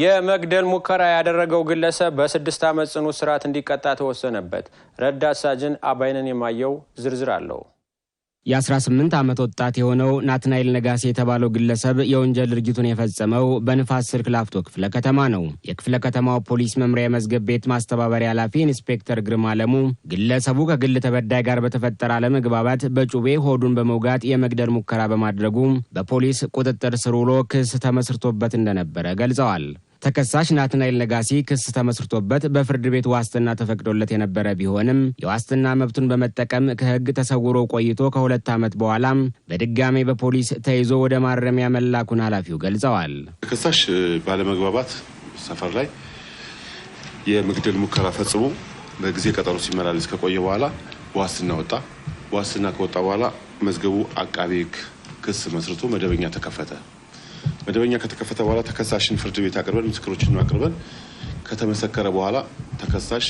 የመግደል ሙከራ ያደረገው ግለሰብ በስድስት ዓመት ጽኑ እስራት እንዲቀጣ ተወሰነበት። ረዳት ሳጅን አባይነን የማየው ዝርዝር አለው። የ18 ዓመት ወጣት የሆነው ናትናኤል ነጋሴ የተባለው ግለሰብ የወንጀል ድርጊቱን የፈጸመው በንፋስ ስልክ ላፍቶ ክፍለ ከተማ ነው። የክፍለ ከተማው ፖሊስ መምሪያ የመዝገብ ቤት ማስተባበሪያ ኃላፊ ኢንስፔክተር ግርማ አለሙ ግለሰቡ ከግል ተበዳይ ጋር በተፈጠረ አለመግባባት በጩቤ ሆዱን በመውጋት የመግደል ሙከራ በማድረጉ በፖሊስ ቁጥጥር ስር ውሎ ክስ ተመስርቶበት እንደነበረ ገልጸዋል። ተከሳሽ ናትናኤል ነጋሲ ክስ ተመስርቶበት በፍርድ ቤት ዋስትና ተፈቅዶለት የነበረ ቢሆንም የዋስትና መብቱን በመጠቀም ከሕግ ተሰውሮ ቆይቶ ከሁለት ዓመት በኋላም በድጋሜ በፖሊስ ተይዞ ወደ ማረሚያ መላኩን ኃላፊው ገልጸዋል። ተከሳሽ ባለመግባባት ሰፈር ላይ የመግደል ሙከራ ፈጽሞ በጊዜ ቀጠሮ ሲመላለስ ከቆየ በኋላ ዋስትና ወጣ። ዋስትና ከወጣ በኋላ መዝገቡ አቃቤ ሕግ ክስ መስርቶ መደበኛ ተከፈተ። መደበኛ ከተከፈተ በኋላ ተከሳሽን ፍርድ ቤት አቅርበን ምስክሮችን አቅርበን ከተመሰከረ በኋላ ተከሳሽ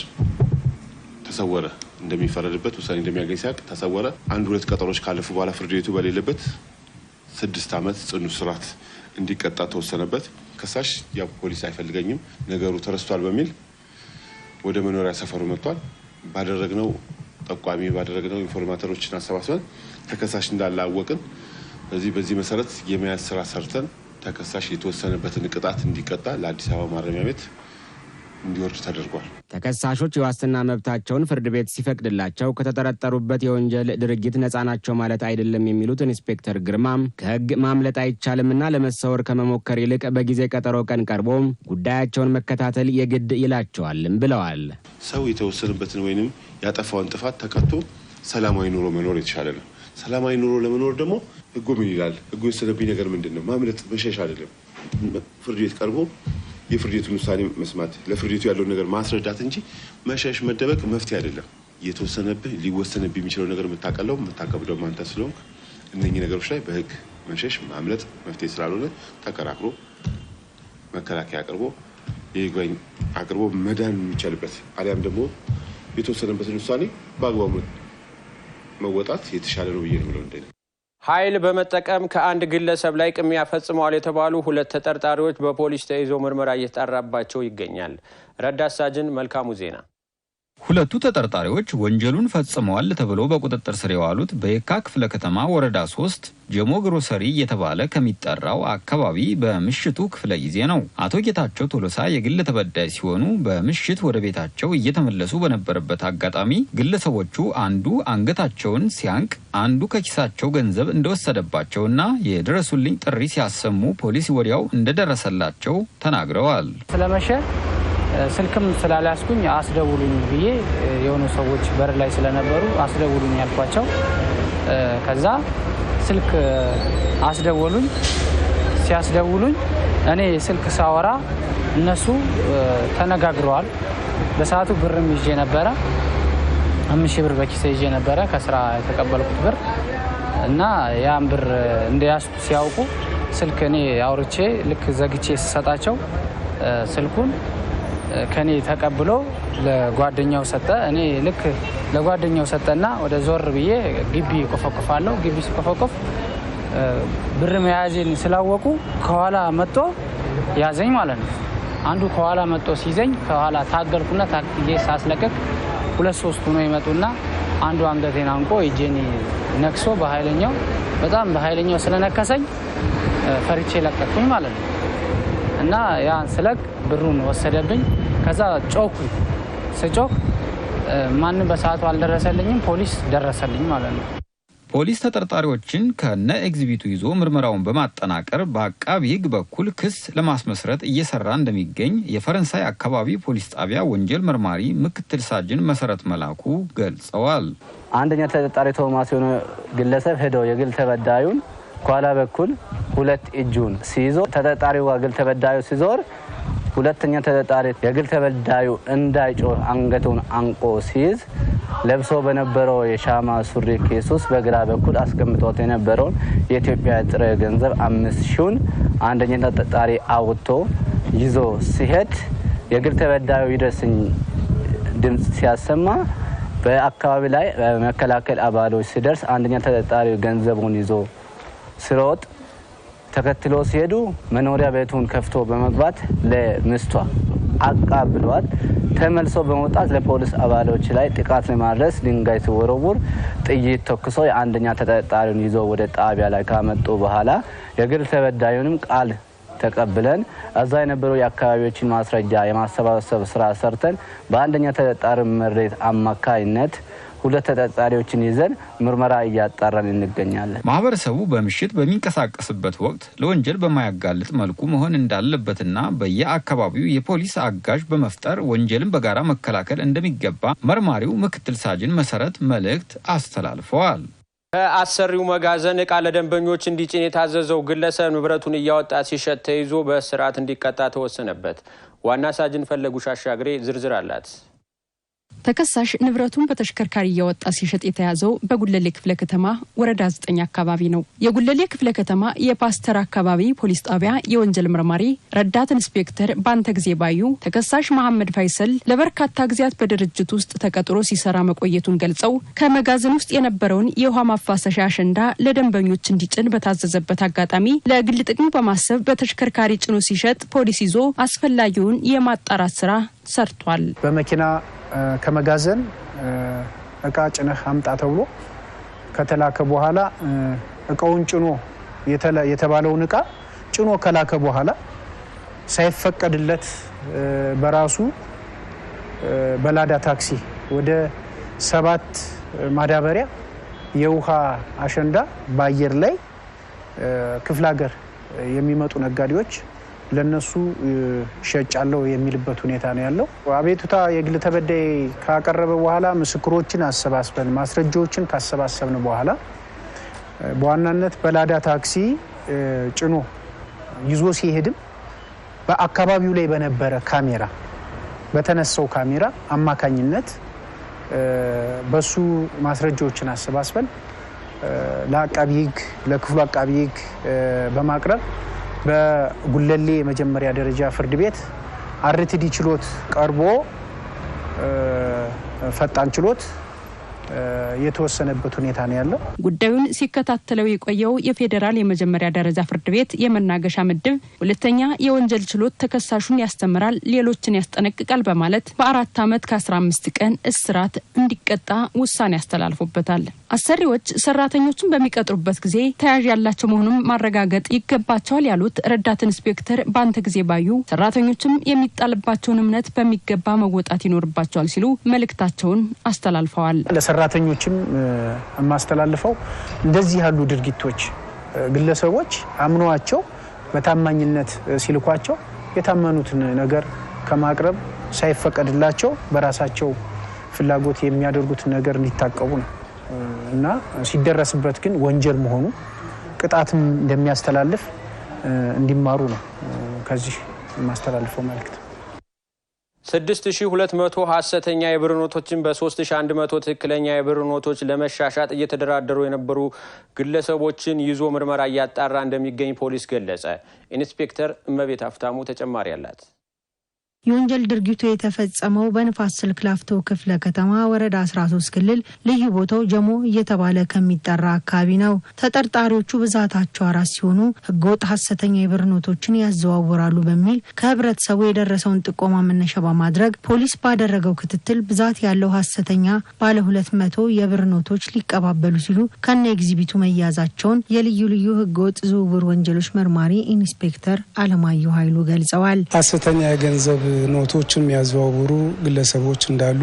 ተሰወረ እንደሚፈረድበት ውሳኔ እንደሚያገኝ ሲያቅ ተሰወረ። አንድ ሁለት ቀጠሮች ካለፉ በኋላ ፍርድ ቤቱ በሌለበት ስድስት ዓመት ጽኑ እስራት እንዲቀጣ ተወሰነበት። ከሳሽ ያ ፖሊስ አይፈልገኝም ነገሩ ተረስቷል በሚል ወደ መኖሪያ ሰፈሩ መጥቷል። ባደረግነው ጠቋሚ ባደረግነው ኢንፎርማተሮችን አሰባስበን ተከሳሽ እንዳላወቅን በዚህ በዚህ መሰረት የመያዝ ስራ ሰርተን ተከሳሽ የተወሰነበትን ቅጣት እንዲቀጣ ለአዲስ አበባ ማረሚያ ቤት እንዲወርድ ተደርጓል። ተከሳሾች የዋስትና መብታቸውን ፍርድ ቤት ሲፈቅድላቸው ከተጠረጠሩበት የወንጀል ድርጊት ነፃናቸው ናቸው ማለት አይደለም የሚሉት ኢንስፔክተር ግርማም ከሕግ ማምለጥ አይቻልምና ለመሰወር ከመሞከር ይልቅ በጊዜ ቀጠሮ ቀን ቀርቦ ጉዳያቸውን መከታተል የግድ ይላቸዋልም ብለዋል። ሰው የተወሰነበትን ወይንም ያጠፋውን ጥፋት ተከቶ ሰላማዊ ኑሮ መኖር የተሻለ ነው። ሰላማዊ ኑሮ ለመኖር ደግሞ ህጉ ምን ይላል? ህጉ የወሰነብኝ ነገር ምንድን ነው? ማምለጥ መሸሽ አይደለም። ፍርድ ቤት ቀርቦ የፍርድ ቤቱን ውሳኔ መስማት፣ ለፍርድ ቤቱ ያለውን ነገር ማስረዳት እንጂ መሸሽ፣ መደበቅ መፍትሄ አይደለም። የተወሰነብህ ሊወሰንብህ የሚችለው ነገር የምታቀለው የምታከብደው አንተ ስለሆንክ እነኚህ ነገሮች ላይ በህግ መሸሽ፣ ማምለጥ መፍትሄ ስላልሆነ ተከራክሮ መከላከያ አቅርቦ የይግባኝ አቅርቦ መዳን የሚቻልበት አሊያም ደግሞ የተወሰነበትን ውሳኔ በአግባቡ መወጣት የተሻለ ነው ብዬ ነው የምለው። ኃይል በመጠቀም ከአንድ ግለሰብ ላይ ቅሚያ ፈጽመዋል የተባሉ ሁለት ተጠርጣሪዎች በፖሊስ ተይዘው ምርመራ እየተጣራባቸው ይገኛል። ረዳት ሳጅን መልካሙ ዜና ሁለቱ ተጠርጣሪዎች ወንጀሉን ፈጽመዋል ተብሎ በቁጥጥር ስር የዋሉት በየካ ክፍለ ከተማ ወረዳ ሶስት ጀሞ ግሮሰሪ እየተባለ ከሚጠራው አካባቢ በምሽቱ ክፍለ ጊዜ ነው። አቶ ጌታቸው ቶሎሳ የግል ተበዳይ ሲሆኑ በምሽት ወደ ቤታቸው እየተመለሱ በነበረበት አጋጣሚ ግለሰቦቹ አንዱ አንገታቸውን ሲያንቅ፣ አንዱ ከኪሳቸው ገንዘብ እንደወሰደባቸውና የድረሱልኝ ጥሪ ሲያሰሙ ፖሊስ ወዲያው እንደደረሰላቸው ተናግረዋል። ስለመሸ ስልክም ስላልያዝኩኝ አስደውሉኝ ብዬ የሆኑ ሰዎች በር ላይ ስለነበሩ አስደውሉኝ ያልኳቸው፣ ከዛ ስልክ አስደወሉኝ። ሲያስደውሉኝ እኔ ስልክ ሳወራ እነሱ ተነጋግረዋል። በሰዓቱ ብርም ይዤ ነበረ፣ አምስት ሺህ ብር በኪሴ ይዤ ነበረ ከስራ የተቀበልኩት ብር እና ያን ብር እንደያዝኩ ሲያውቁ ስልክ እኔ አውርቼ ልክ ዘግቼ ስሰጣቸው ስልኩን ከኔ ተቀብሎ ለጓደኛው ሰጠ። እኔ ልክ ለጓደኛው ሰጠና ወደ ዞር ብዬ ግቢ ቆፈቁፋለሁ ግቢ ሲቆፈቆፍ ብር መያዜን ስላወቁ ከኋላ መጥቶ ያዘኝ ማለት ነው። አንዱ ከኋላ መጥቶ ሲዘኝ ከኋላ ታገልኩና ታክዬ ሳስለቀቅ ሁለት ሶስት ሆኖ ይመጡና አንዱ አንገቴን አንቆ እጄን ነክሶ በኃይለኛው በጣም በኃይለኛው ስለነከሰኝ ፈርቼ ለቀኩኝ ማለት ነው። እና ያን ስለቅ ብሩን ወሰደብኝ። ከዛ ጮኩኝ። ስጮክ ማንም በሰዓቱ አልደረሰልኝም፣ ፖሊስ ደረሰልኝ ማለት ነው። ፖሊስ ተጠርጣሪዎችን ከነ ኤግዚቢቱ ይዞ ምርመራውን በማጠናቀር በአቃቢ ሕግ በኩል ክስ ለማስመስረት እየሰራ እንደሚገኝ የፈረንሳይ አካባቢ ፖሊስ ጣቢያ ወንጀል መርማሪ ምክትል ሳጅን መሰረት መላኩ ገልጸዋል። አንደኛ ተጠርጣሪ ቶማስ የሆነ ግለሰብ ሄዶ የግል ተበዳዩን ከኋላ በኩል ሁለት እጁን ሲይዞ ተጠርጣሪው ግል ተበዳዩ ሲዞር ሁለተኛ ተጠርጣሪ የግል ተበዳዩ እንዳይጮህ አንገቱን አንቆ ሲይዝ ለብሶ በነበረው የሻማ ሱሪ ኬስ ውስጥ በግራ በኩል አስቀምጦት የነበረውን የኢትዮጵያ ጥሬ ገንዘብ አምስት ሺውን አንደኛ ተጠርጣሪ አውጥቶ ይዞ ሲሄድ የግል ተበዳዩ ይድረስኝ ድምፅ ሲያሰማ በአካባቢ ላይ መከላከል አባሎች ሲደርስ አንደኛ ተጠርጣሪ ገንዘቡን ይዞ ስሮጥ ተከትሎ ሲሄዱ መኖሪያ ቤቱን ከፍቶ በመግባት ለምስቷ አቃብሏት ተመልሶ በመውጣት ለፖሊስ አባሎች ላይ ጥቃት ለማድረስ ድንጋይ ሲወረውር ጥይት ተኩሶ የአንደኛ ተጠርጣሪውን ይዞ ወደ ጣቢያ ላይ ካመጡ በኋላ የግል ተበዳዩንም ቃል ተቀብለን እዛ የነበሩ የአካባቢዎችን ማስረጃ የማሰባሰብ ስራ ሰርተን በአንደኛ ተጠርጣሪ መሬት አማካይነት ሁለት ተጠርጣሪዎችን ይዘን ምርመራ እያጣራን እንገኛለን። ማህበረሰቡ በምሽት በሚንቀሳቀስበት ወቅት ለወንጀል በማያጋልጥ መልኩ መሆን እንዳለበትና በየአካባቢው የፖሊስ አጋዥ በመፍጠር ወንጀልን በጋራ መከላከል እንደሚገባ መርማሪው ምክትል ሳጅን መሰረት መልእክት አስተላልፈዋል። ከአሰሪው መጋዘን እቃ ለደንበኞች እንዲጭን የታዘዘው ግለሰብ ንብረቱን እያወጣ ሲሸጥ ተይዞ በስርዓት እንዲቀጣ ተወሰነበት። ዋና ሳጅን ፈለጉ ሻሻግሬ ዝርዝር አላት። ተከሳሽ ንብረቱን በተሽከርካሪ እያወጣ ሲሸጥ የተያዘው በጉለሌ ክፍለ ከተማ ወረዳ ዘጠኝ አካባቢ ነው። የጉለሌ ክፍለ ከተማ የፓስተር አካባቢ ፖሊስ ጣቢያ የወንጀል መርማሪ ረዳት ኢንስፔክተር ባንተ ጊዜ ባዩ ተከሳሽ መሐመድ ፋይሰል ለበርካታ ጊዜያት በድርጅት ውስጥ ተቀጥሮ ሲሰራ መቆየቱን ገልጸው ከመጋዘን ውስጥ የነበረውን የውሃ ማፋሰሻ አሸንዳ ለደንበኞች እንዲጭን በታዘዘበት አጋጣሚ ለግል ጥቅም በማሰብ በተሽከርካሪ ጭኖ ሲሸጥ ፖሊስ ይዞ አስፈላጊውን የማጣራት ስራ ሰርቷል። በመኪና ከመጋዘን እቃ ጭነህ አምጣ ተብሎ ከተላከ በኋላ እቃውን ጭኖ የተባለውን እቃ ጭኖ ከላከ በኋላ ሳይፈቀድለት በራሱ በላዳ ታክሲ ወደ ሰባት ማዳበሪያ የውሃ አሸንዳ በአየር ላይ ክፍለ ሀገር የሚመጡ ነጋዴዎች ለነሱ አለው የሚልበት ሁኔታ ነው ያለው። አቤቱታ የግል ተበዳይ ካቀረበ በኋላ ምስክሮችን አሰባስበን ማስረጃዎችን ካሰባሰብን በኋላ በዋናነት በላዳ ታክሲ ጭኖ ይዞ ሲሄድም በአካባቢው ላይ በነበረ ካሜራ በተነሳው ካሜራ አማካኝነት በሱ ማስረጃዎችን አሰባስበን ለአቃቢ ሕግ ለክፍሉ አቃቢ ሕግ በማቅረብ በጉለሌ የመጀመሪያ ደረጃ ፍርድ ቤት አርትዲ ችሎት ቀርቦ ፈጣን ችሎት የተወሰነበት ሁኔታ ነው ያለው። ጉዳዩን ሲከታተለው የቆየው የፌዴራል የመጀመሪያ ደረጃ ፍርድ ቤት የመናገሻ ምድብ ሁለተኛ የወንጀል ችሎት ተከሳሹን ያስተምራል፣ ሌሎችን ያስጠነቅቃል በማለት በአራት ዓመት ከ አምስት ቀን እስራት እንዲቀጣ ውሳኔ ያስተላልፎበታል። አሰሪዎች ሰራተኞችን በሚቀጥሩበት ጊዜ ተያዥ ያላቸው መሆኑን ማረጋገጥ ይገባቸዋል ያሉት ረዳት ኢንስፔክተር በአንተ ጊዜ ባዩ ሰራተኞችም የሚጣልባቸውን እምነት በሚገባ መወጣት ይኖርባቸዋል ሲሉ መልእክታቸውን አስተላልፈዋል። ለሰራተኞችም የማስተላልፈው እንደዚህ ያሉ ድርጊቶች ግለሰቦች አምነዋቸው በታማኝነት ሲልኳቸው የታመኑትን ነገር ከማቅረብ ሳይፈቀድላቸው በራሳቸው ፍላጎት የሚያደርጉትን ነገር እንዲታቀቡ ነው እና ሲደረስበት ግን ወንጀል መሆኑ ቅጣትም እንደሚያስተላልፍ እንዲማሩ ነው ከዚህ የማስተላልፈው መልእክት። 6200 ሀሰተኛ የብር ኖቶችን በ3100 ትክክለኛ የብር ኖቶች ለመሻሻጥ እየተደራደሩ የነበሩ ግለሰቦችን ይዞ ምርመራ እያጣራ እንደሚገኝ ፖሊስ ገለጸ። ኢንስፔክተር እመቤት አፍታሙ ተጨማሪ አላት። የወንጀል ድርጊቱ የተፈጸመው በንፋስ ስልክ ላፍቶ ክፍለ ከተማ ወረዳ 13 ክልል ልዩ ቦታው ጀሞ እየተባለ ከሚጠራ አካባቢ ነው። ተጠርጣሪዎቹ ብዛታቸው አራት ሲሆኑ ህገወጥ ሀሰተኛ የብር ኖቶችን ያዘዋውራሉ በሚል ከህብረተሰቡ የደረሰውን ጥቆማ መነሻ በማድረግ ፖሊስ ባደረገው ክትትል ብዛት ያለው ሀሰተኛ ባለ ሁለት መቶ የብር ኖቶች ሊቀባበሉ ሲሉ ከነ ኤግዚቢቱ መያዛቸውን የልዩ ልዩ ህገወጥ ዝውውር ወንጀሎች መርማሪ ኢንስፔክተር አለማየሁ ኃይሉ ገልጸዋል። ሀሰተኛ የገንዘብ ኖቶችን የሚያዘዋውሩ ግለሰቦች እንዳሉ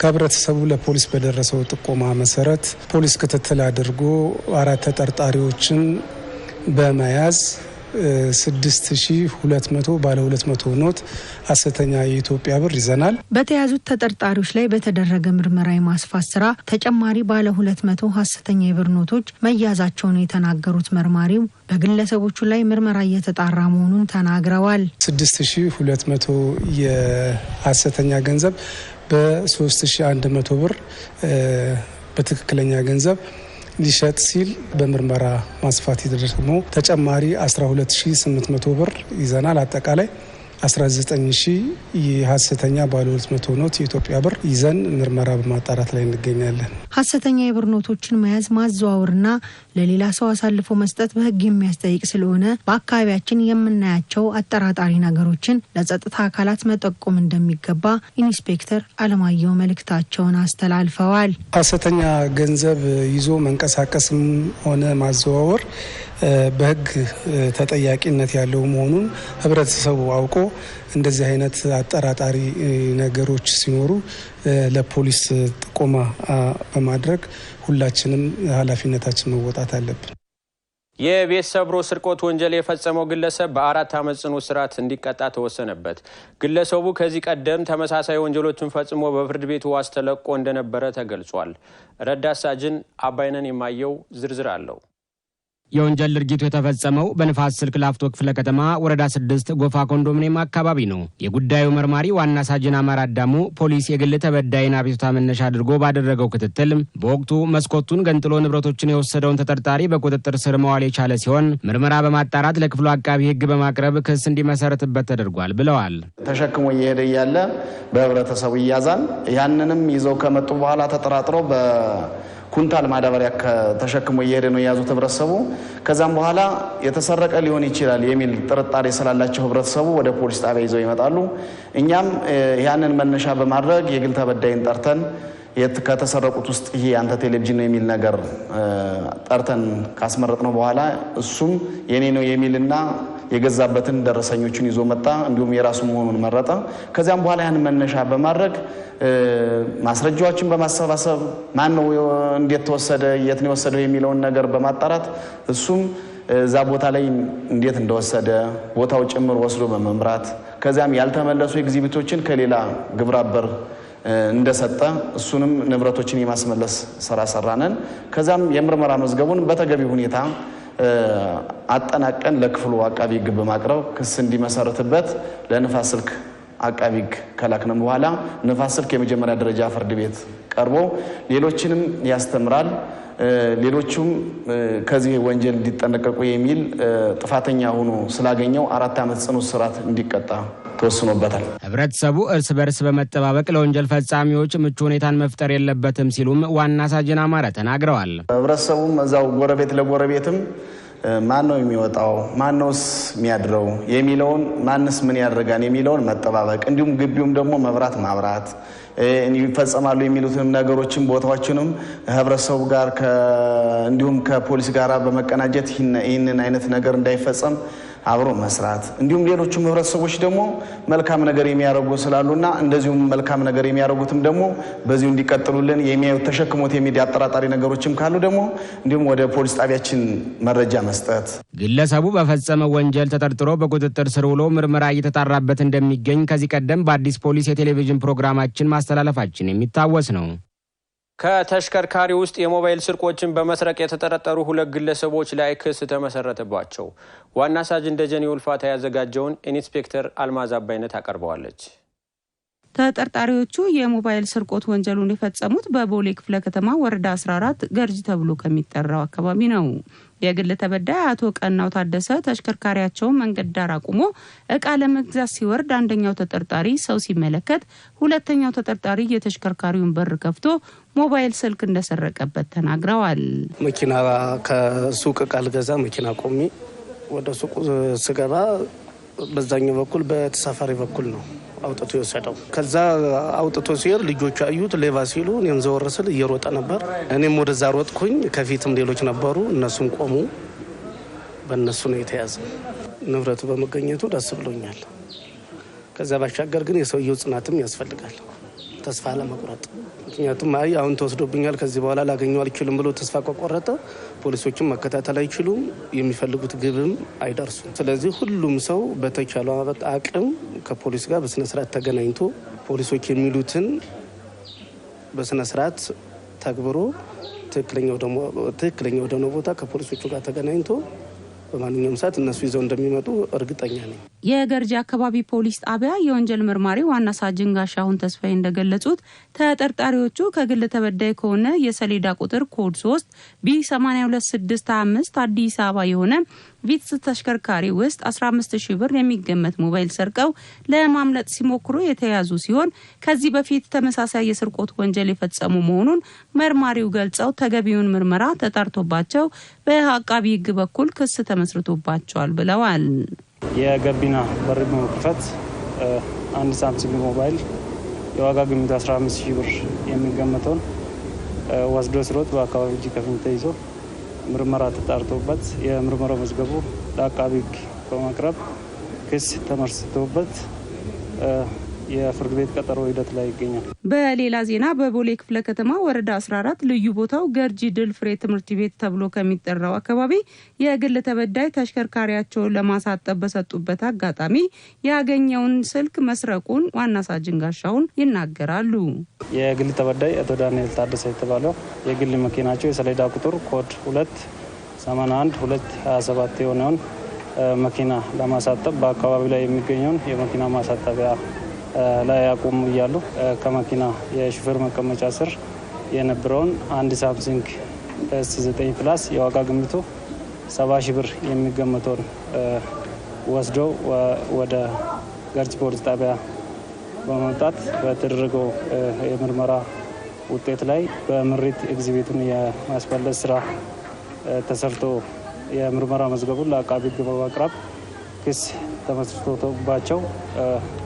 ከህብረተሰቡ ለፖሊስ በደረሰው ጥቆማ መሰረት ፖሊስ ክትትል አድርጎ አራት ተጠርጣሪዎችን በመያዝ 6200 ባለ 200 ኖት ሀሰተኛ የኢትዮጵያ ብር ይዘናል። በተያዙት ተጠርጣሪዎች ላይ በተደረገ ምርመራ የማስፋት ስራ ተጨማሪ ባለ 200 ሀሰተኛ የብር ኖቶች መያዛቸውን የተናገሩት መርማሪው በግለሰቦቹ ላይ ምርመራ እየተጣራ መሆኑን ተናግረዋል። 6200 የሀሰተኛ ገንዘብ በ3100 ብር በትክክለኛ ገንዘብ ሊሸጥ ሲል በምርመራ ማስፋት የተደረገው ተጨማሪ 12800 ብር ይዘናል። አጠቃላይ 19 ሺህ የሀሰተኛ ባለ ሁለት መቶ ኖት የኢትዮጵያ ብር ይዘን ምርመራ በማጣራት ላይ እንገኛለን። ሀሰተኛ የብር ኖቶችን መያዝ፣ ማዘዋወርና ለሌላ ሰው አሳልፎ መስጠት በህግ የሚያስጠይቅ ስለሆነ በአካባቢያችን የምናያቸው አጠራጣሪ ነገሮችን ለጸጥታ አካላት መጠቆም እንደሚገባ ኢንስፔክተር አለማየሁ መልእክታቸውን አስተላልፈዋል። ሀሰተኛ ገንዘብ ይዞ መንቀሳቀስም ሆነ ማዘዋወር በህግ ተጠያቂነት ያለው መሆኑን ህብረተሰቡ አውቆ እንደዚህ አይነት አጠራጣሪ ነገሮች ሲኖሩ ለፖሊስ ጥቆማ በማድረግ ሁላችንም ኃላፊነታችን መወጣት አለብን። የቤት ሰብሮ ስርቆት ወንጀል የፈጸመው ግለሰብ በአራት ዓመት ጽኑ እስራት እንዲቀጣ ተወሰነበት። ግለሰቡ ከዚህ ቀደም ተመሳሳይ ወንጀሎችን ፈጽሞ በፍርድ ቤቱ ዋስ ተለቆ እንደነበረ ተገልጿል። ረዳት ሳጅን አባይነን የማየው ዝርዝር አለው። የወንጀል ድርጊቱ የተፈጸመው በንፋስ ስልክ ላፍቶ ክፍለ ከተማ ወረዳ ስድስት ጎፋ ኮንዶሚኒየም አካባቢ ነው። የጉዳዩ መርማሪ ዋና ሳጅን አማራ አዳሙ ፖሊስ የግል ተበዳይን አቤቱታ መነሻ አድርጎ ባደረገው ክትትል በወቅቱ መስኮቱን ገንጥሎ ንብረቶችን የወሰደውን ተጠርጣሪ በቁጥጥር ስር መዋል የቻለ ሲሆን ምርመራ በማጣራት ለክፍሉ አቃቢ ሕግ በማቅረብ ክስ እንዲመሰረትበት ተደርጓል ብለዋል። ተሸክሞ እየሄደ እያለ በህብረተሰቡ ይያዛል። ያንንም ይዘው ከመጡ በኋላ ተጠራጥሮ ኩንታል ማዳበሪያ ተሸክሞ እየሄደ ነው የያዙት ህብረተሰቡ። ከዛም በኋላ የተሰረቀ ሊሆን ይችላል የሚል ጥርጣሬ ስላላቸው ህብረተሰቡ ወደ ፖሊስ ጣቢያ ይዘው ይመጣሉ። እኛም ያንን መነሻ በማድረግ የግል ተበዳይን ጠርተን ከተሰረቁት ውስጥ ይሄ አንተ ቴሌቪዥን ነው የሚል ነገር ጠርተን ካስመረጥነው በኋላ እሱም የኔ ነው የሚልና የገዛበትን ደረሰኞችን ይዞ መጣ። እንዲሁም የራሱ መሆኑን መረጠ። ከዚያም በኋላ ያን መነሻ በማድረግ ማስረጃዎችን በማሰባሰብ ማን ነው እንዴት ተወሰደ፣ የት ነው የወሰደው የሚለውን ነገር በማጣራት እሱም እዛ ቦታ ላይ እንዴት እንደወሰደ ቦታው ጭምር ወስዶ በመምራት ከዚያም ያልተመለሱ ኤግዚቢቶችን ከሌላ ግብረአበር እንደሰጠ እሱንም ንብረቶችን የማስመለስ ስራ ሰራነን። ከዚያም የምርመራ መዝገቡን በተገቢ ሁኔታ አጠናቀን ለክፍሉ አቃቢ ሕግ በማቅረብ ክስ እንዲመሰርትበት ለንፋስ ስልክ አቃቢ ከላክነ በኋላ ንፋስ ስልክ የመጀመሪያ ደረጃ ፍርድ ቤት ቀርቦ ሌሎችንም ያስተምራል። ሌሎቹም ከዚህ ወንጀል እንዲጠነቀቁ የሚል ጥፋተኛ ሆኖ ስላገኘው አራት ዓመት ጽኑ እስራት እንዲቀጣ ተወስኖበታል። ህብረተሰቡ እርስ በርስ በመጠባበቅ ለወንጀል ፈጻሚዎች ምቹ ሁኔታን መፍጠር የለበትም ሲሉም ዋና ሳጅን አማረ ተናግረዋል። ህብረተሰቡም እዛው ጎረቤት ለጎረቤትም ማን ነው የሚወጣው፣ ማን ነውስ የሚያድረው የሚለውን ማንስ ምን ያደርጋል የሚለውን መጠባበቅ፣ እንዲሁም ግቢውም ደግሞ መብራት ማብራት ይፈጸማሉ የሚሉትንም ነገሮችን ቦታዎችንም ህብረተሰቡ ጋር እንዲሁም ከፖሊስ ጋር በመቀናጀት ይህንን አይነት ነገር እንዳይፈጸም አብሮ መስራት እንዲሁም ሌሎችም ህብረተሰቦች ደግሞ መልካም ነገር የሚያደርጉ ስላሉና እንደዚሁም መልካም ነገር የሚያደርጉትም ደግሞ በዚሁ እንዲቀጥሉልን የሚያዩት ተሸክሞት የሚዲ አጠራጣሪ ነገሮችም ካሉ ደግሞ እንዲሁም ወደ ፖሊስ ጣቢያችን መረጃ መስጠት። ግለሰቡ በፈጸመ ወንጀል ተጠርጥሮ በቁጥጥር ስር ውሎ ምርመራ እየተጣራበት እንደሚገኝ ከዚህ ቀደም በአዲስ ፖሊስ የቴሌቪዥን ፕሮግራማችን ማስተላለፋችን የሚታወስ ነው። ከተሽከርካሪ ውስጥ የሞባይል ስርቆችን በመስረቅ የተጠረጠሩ ሁለት ግለሰቦች ላይ ክስ ተመሰረተባቸው። ዋና ሳጅን ደጀኔ ውልፋታ ያዘጋጀውን ኢንስፔክተር አልማዝ አባይነት አቀርበዋለች። ተጠርጣሪዎቹ የሞባይል ስርቆት ወንጀሉን የፈጸሙት በቦሌ ክፍለ ከተማ ወረዳ 14 ገርጅ ተብሎ ከሚጠራው አካባቢ ነው። የግል ተበዳይ አቶ ቀናው ታደሰ ተሽከርካሪያቸውን መንገድ ዳር አቁሞ እቃ ለመግዛት ሲወርድ አንደኛው ተጠርጣሪ ሰው ሲመለከት፣ ሁለተኛው ተጠርጣሪ የተሽከርካሪውን በር ከፍቶ ሞባይል ስልክ እንደሰረቀበት ተናግረዋል። መኪና ከሱቅ እቃ ልገዛ መኪና ቆሜ ወደ ሱቁ ስገባ በዛኛው በኩል በተሳፋሪ በኩል ነው አውጥቶ የወሰደው። ከዛ አውጥቶ ሲሄድ ልጆቹ አዩት ሌባ ሲሉ እኔም ዘወር ስል እየሮጠ ነበር። እኔም ወደዛ ሮጥኩኝ። ከፊትም ሌሎች ነበሩ፣ እነሱም ቆሙ። በእነሱ ነው የተያዘ። ንብረቱ በመገኘቱ ደስ ብሎኛል። ከዛ ባሻገር ግን የሰውየው ጽናትም ያስፈልጋል። ተስፋ ለመቁረጥ ምክንያቱም አይ አሁን ተወስዶብኛል ከዚህ በኋላ ላገኘው አልችልም ብሎ ተስፋ ከቆረጠ ፖሊሶችም መከታተል አይችሉም፣ የሚፈልጉት ግብም አይደርሱም። ስለዚህ ሁሉም ሰው በተቻለ አቅም ከፖሊስ ጋር በስነስርዓት ተገናኝቶ ፖሊሶች የሚሉትን በስነስርዓት ተግብሮ ትክክለኛ ወደሆነ ቦታ ከፖሊሶቹ ጋር ተገናኝቶ በማንኛውም ሰዓት እነሱ ይዘው እንደሚመጡ እርግጠኛ ነኝ። የገርጂ አካባቢ ፖሊስ ጣቢያ የወንጀል መርማሪ ዋና ሳጅን ጋሻሁን ተስፋዬ እንደገለጹት ተጠርጣሪዎቹ ከግል ተበዳይ ከሆነ የሰሌዳ ቁጥር ኮድ 3 ቢ 82 አዲስ አበባ የሆነ ቪትስ ተሽከርካሪ ውስጥ 15 ሺህ ብር የሚገመት ሞባይል ሰርቀው ለማምለጥ ሲሞክሩ የተያዙ ሲሆን ከዚህ በፊት ተመሳሳይ የስርቆት ወንጀል የፈጸሙ መሆኑን መርማሪው ገልጸው ተገቢውን ምርመራ ተጣርቶባቸው በአቃቢ ሕግ በኩል ክስ ተመስርቶባቸዋል ብለዋል። የገቢና በር በመክፈት አንድ ሳምሰንግ ሞባይል የዋጋ ግምት 15 ሺህ ብር የሚገመተውን ወስዶ ስሮት በአካባቢ እጅ ከፍንጅ ተይዞ ምርመራ ተጣርቶበት የምርመራ መዝገቡ ለአቃቢ በማቅረብ ክስ ተመስርቶበት የፍርድ ቤት ቀጠሮ ሂደት ላይ ይገኛል። በሌላ ዜና በቦሌ ክፍለ ከተማ ወረዳ 14 ልዩ ቦታው ገርጂ ድል ፍሬ ትምህርት ቤት ተብሎ ከሚጠራው አካባቢ የግል ተበዳይ ተሽከርካሪያቸውን ለማሳጠብ በሰጡበት አጋጣሚ ያገኘውን ስልክ መስረቁን ዋና ሳጅን ጋሻውን ይናገራሉ። የግል ተበዳይ አቶ ዳንኤል ታደሰ የተባለው የግል መኪናቸው የሰሌዳ ቁጥር ኮድ 2 81 227 የሆነውን መኪና ለማሳጠብ በአካባቢው ላይ የሚገኘውን የመኪና ማሳጠቢያ ላይ አቆሙ እያሉ ከመኪና የሹፌር መቀመጫ ስር የነበረውን አንድ ሳምሰንግ ኤስ 9 ፕላስ የዋጋ ግምቱ 7 ሺህ ብር የሚገመተውን ወስደው ወደ ገርጅ ፖሊስ ጣቢያ በመምጣት በተደረገው የምርመራ ውጤት ላይ በምሪት ኤግዚቢቱን የማስመለስ ስራ ተሰርቶ የምርመራ መዝገቡን ለአቃቢ ሕግ በማቅረብ ክስ ተመስርቶባቸው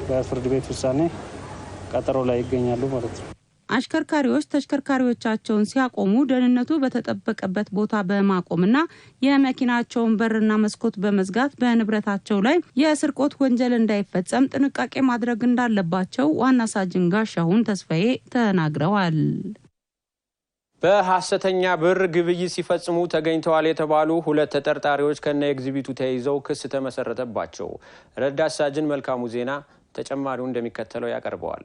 በፍርድ ቤት ውሳኔ ቀጠሮ ላይ ይገኛሉ ማለት ነው። አሽከርካሪዎች ተሽከርካሪዎቻቸውን ሲያቆሙ ደህንነቱ በተጠበቀበት ቦታ በማቆምና የመኪናቸውን በርና መስኮት በመዝጋት በንብረታቸው ላይ የስርቆት ወንጀል እንዳይፈጸም ጥንቃቄ ማድረግ እንዳለባቸው ዋና ሳጅን ጋሻሁን ተስፋዬ ተናግረዋል። በሐሰተኛ ብር ግብይት ሲፈጽሙ ተገኝተዋል የተባሉ ሁለት ተጠርጣሪዎች ከነ ኤግዚቢቱ ተይዘው ክስ ተመሰረተባቸው። ረዳት ሳጅን መልካሙ ዜና ተጨማሪውን እንደሚከተለው ያቀርበዋል።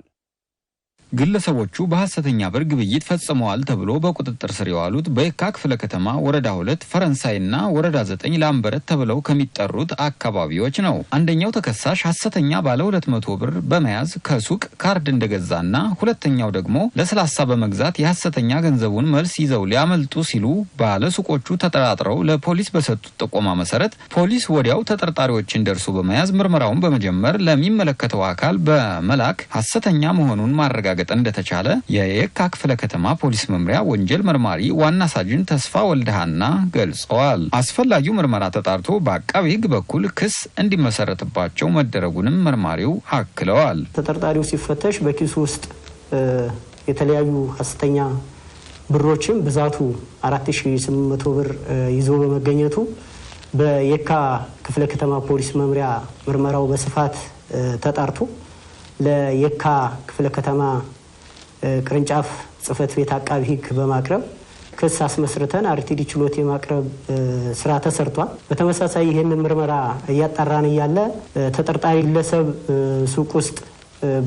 ግለሰቦቹ በሐሰተኛ ብር ግብይት ፈጽመዋል ተብሎ በቁጥጥር ስር የዋሉት በየካ ክፍለ ከተማ ወረዳ ሁለት ፈረንሳይና ወረዳ ዘጠኝ ላምበረት ተብለው ከሚጠሩት አካባቢዎች ነው። አንደኛው ተከሳሽ ሐሰተኛ ባለ 200 መቶ ብር በመያዝ ከሱቅ ካርድ እንደገዛና ሁለተኛው ደግሞ ለስላሳ በመግዛት የሐሰተኛ ገንዘቡን መልስ ይዘው ሊያመልጡ ሲሉ ባለ ሱቆቹ ተጠራጥረው ለፖሊስ በሰጡት ጥቆማ መሰረት ፖሊስ ወዲያው ተጠርጣሪዎችን ደርሶ በመያዝ ምርመራውን በመጀመር ለሚመለከተው አካል በመላክ ሐሰተኛ መሆኑን ማረጋገጥ ማረጋገጥ እንደተቻለ የየካ ክፍለ ከተማ ፖሊስ መምሪያ ወንጀል መርማሪ ዋና ሳጅን ተስፋ ወልደሃና ገልጸዋል። አስፈላጊው ምርመራ ተጣርቶ በአቃቢ ሕግ በኩል ክስ እንዲመሰረትባቸው መደረጉንም መርማሪው አክለዋል። ተጠርጣሪው ሲፈተሽ በኪሱ ውስጥ የተለያዩ ሀሰተኛ ብሮችን ብዛቱ 4800 ብር ይዞ በመገኘቱ በየካ ክፍለ ከተማ ፖሊስ መምሪያ ምርመራው በስፋት ተጣርቶ ለየካ ክፍለ ከተማ ቅርንጫፍ ጽህፈት ቤት አቃቢ ህግ በማቅረብ ክስ አስመስርተን አርቲዲ ችሎት የማቅረብ ስራ ተሰርቷል። በተመሳሳይ ይህንን ምርመራ እያጣራን እያለ ተጠርጣሪ ግለሰብ ሱቅ ውስጥ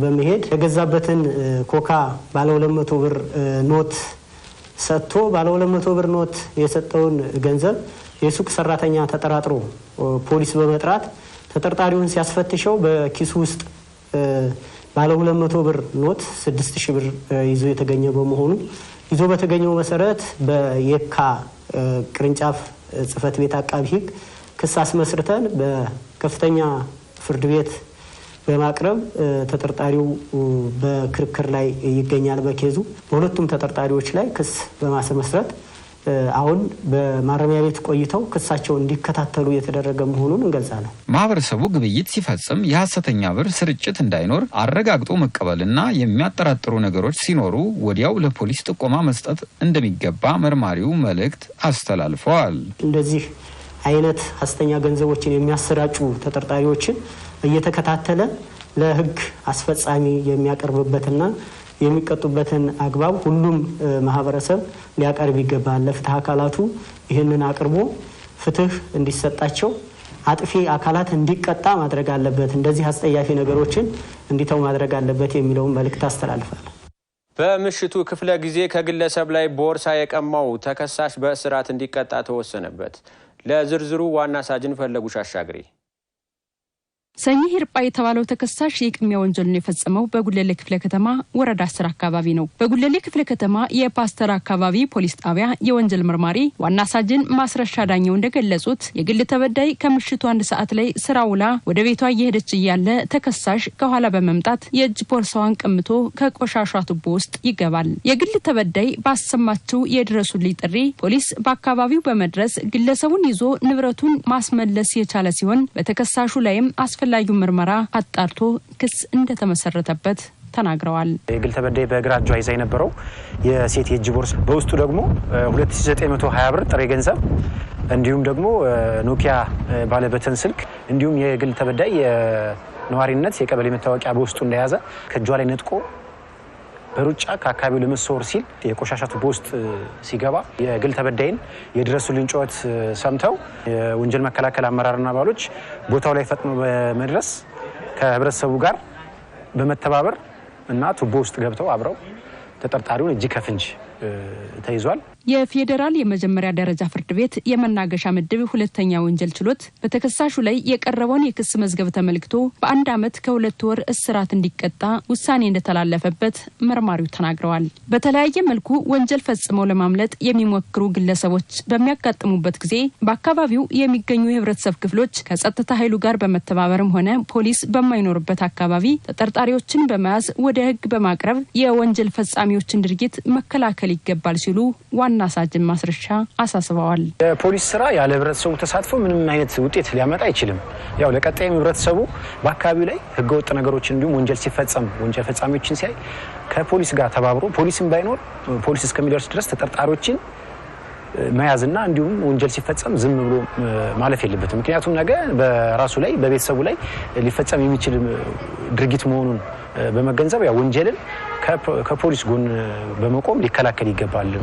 በመሄድ የገዛበትን ኮካ ባለ ሁለት መቶ ብር ኖት ሰጥቶ ባለ ሁለት መቶ ብር ኖት የሰጠውን ገንዘብ የሱቅ ሰራተኛ ተጠራጥሮ ፖሊስ በመጥራት ተጠርጣሪውን ሲያስፈትሸው በኪሱ ውስጥ ባለ 200 ብር ኖት 6000 ብር ይዞ የተገኘ በመሆኑ ይዞ በተገኘው መሰረት በየካ ቅርንጫፍ ጽህፈት ቤት አቃቢ ህግ ክስ አስመስርተን በከፍተኛ ፍርድ ቤት በማቅረብ ተጠርጣሪው በክርክር ላይ ይገኛል። በኬዙ በሁለቱም ተጠርጣሪዎች ላይ ክስ በማስመስረት አሁን በማረሚያ ቤት ቆይተው ክሳቸው እንዲከታተሉ የተደረገ መሆኑን እንገልጻለን። ማህበረሰቡ ግብይት ሲፈጽም የሐሰተኛ ብር ስርጭት እንዳይኖር አረጋግጦ መቀበልና የሚያጠራጥሩ ነገሮች ሲኖሩ ወዲያው ለፖሊስ ጥቆማ መስጠት እንደሚገባ መርማሪው መልእክት አስተላልፈዋል። እንደዚህ አይነት ሐሰተኛ ገንዘቦችን የሚያሰራጩ ተጠርጣሪዎችን እየተከታተለ ለህግ አስፈጻሚ የሚያቀርብበትና የሚቀጡበትን አግባብ ሁሉም ማህበረሰብ ሊያቀርብ ይገባል። ለፍትህ አካላቱ ይህንን አቅርቦ ፍትህ እንዲሰጣቸው አጥፊ አካላት እንዲቀጣ ማድረግ አለበት፣ እንደዚህ አስጠያፊ ነገሮችን እንዲተው ማድረግ አለበት የሚለውን መልእክት አስተላልፋል። በምሽቱ ክፍለ ጊዜ ከግለሰብ ላይ ቦርሳ የቀማው ተከሳሽ በእስራት እንዲቀጣ ተወሰነበት። ለዝርዝሩ ዋና ሳጅን ፈለጉሽ አሻግሬ ሰኚ ሂርጳ የተባለው ተከሳሽ የቅሚያ ወንጀሉን የፈጸመው በጉለሌ ክፍለ ከተማ ወረዳ አስር አካባቢ ነው። በጉለሌ ክፍለ ከተማ የፓስተር አካባቢ ፖሊስ ጣቢያ የወንጀል ምርማሪ ዋና ሳጅን ማስረሻ ዳኘው እንደገለጹት የግል ተበዳይ ከምሽቱ አንድ ሰዓት ላይ ስራ ውላ ወደ ቤቷ እየሄደች እያለ ተከሳሽ ከኋላ በመምጣት የእጅ ቦርሳዋን ቀምቶ ከቆሻሿ ቱቦ ውስጥ ይገባል። የግል ተበዳይ ባሰማችው የድረሱልኝ ጥሪ ፖሊስ በአካባቢው በመድረስ ግለሰቡን ይዞ ንብረቱን ማስመለስ የቻለ ሲሆን በተከሳሹ ላይም አስፈ አስፈላጊው ምርመራ አጣርቶ ክስ እንደተመሰረተበት ተናግረዋል። የግል ተበዳይ በግራ እጇ ይዛ የነበረው የሴት የእጅ ቦርስ በውስጡ ደግሞ 2920 ብር ጥሬ ገንዘብ እንዲሁም ደግሞ ኖኪያ ባለበተን ስልክ እንዲሁም የግል ተበዳይ የነዋሪነት የቀበሌ መታወቂያ በውስጡ እንደያዘ ከእጇ ላይ ነጥቆ በሩጫ ከአካባቢው ለመሰወር ሲል የቆሻሻ ቱቦ ውስጥ ሲገባ የግል ተበዳይን የድረሱልን ጩኸት ሰምተው የወንጀል መከላከል አመራርና አባሎች ቦታው ላይ ፈጥኖ በመድረስ ከህብረተሰቡ ጋር በመተባበር እና ቱቦ ውስጥ ገብተው አብረው ተጠርጣሪውን እጅ ከፍንጅ ተይዟል። የፌዴራል የመጀመሪያ ደረጃ ፍርድ ቤት የመናገሻ ምድብ ሁለተኛ ወንጀል ችሎት በተከሳሹ ላይ የቀረበውን የክስ መዝገብ ተመልክቶ በአንድ ዓመት ከሁለት ወር እስራት እንዲቀጣ ውሳኔ እንደተላለፈበት መርማሪው ተናግረዋል። በተለያየ መልኩ ወንጀል ፈጽመው ለማምለጥ የሚሞክሩ ግለሰቦች በሚያጋጥሙበት ጊዜ በአካባቢው የሚገኙ የህብረተሰብ ክፍሎች ከጸጥታ ኃይሉ ጋር በመተባበርም ሆነ ፖሊስ በማይኖርበት አካባቢ ተጠርጣሪዎችን በመያዝ ወደ ህግ በማቅረብ የወንጀል ፈጻሚዎችን ድርጊት መከላከል ይገባል ሲሉ ዋና ዋና ሳጅን ማስረሻ አሳስበዋል። የፖሊስ ስራ ያለ ህብረተሰቡ ተሳትፎ ምንም አይነት ውጤት ሊያመጣ አይችልም። ያው ለቀጣይም ህብረተሰቡ በአካባቢው ላይ ህገወጥ ነገሮችን እንዲሁም ወንጀል ሲፈጸም ወንጀል ፈጻሚዎችን ሲያይ ከፖሊስ ጋር ተባብሮ ፖሊስም ባይኖር ፖሊስ እስከሚደርስ ድረስ ተጠርጣሪዎችን መያዝና እንዲሁም ወንጀል ሲፈጸም ዝም ብሎ ማለፍ የለበትም። ምክንያቱም ነገ በራሱ ላይ በቤተሰቡ ላይ ሊፈጸም የሚችል ድርጊት መሆኑን በመገንዘብ ያ ወንጀልን ከፖሊስ ጎን በመቆም ሊከላከል ይገባል።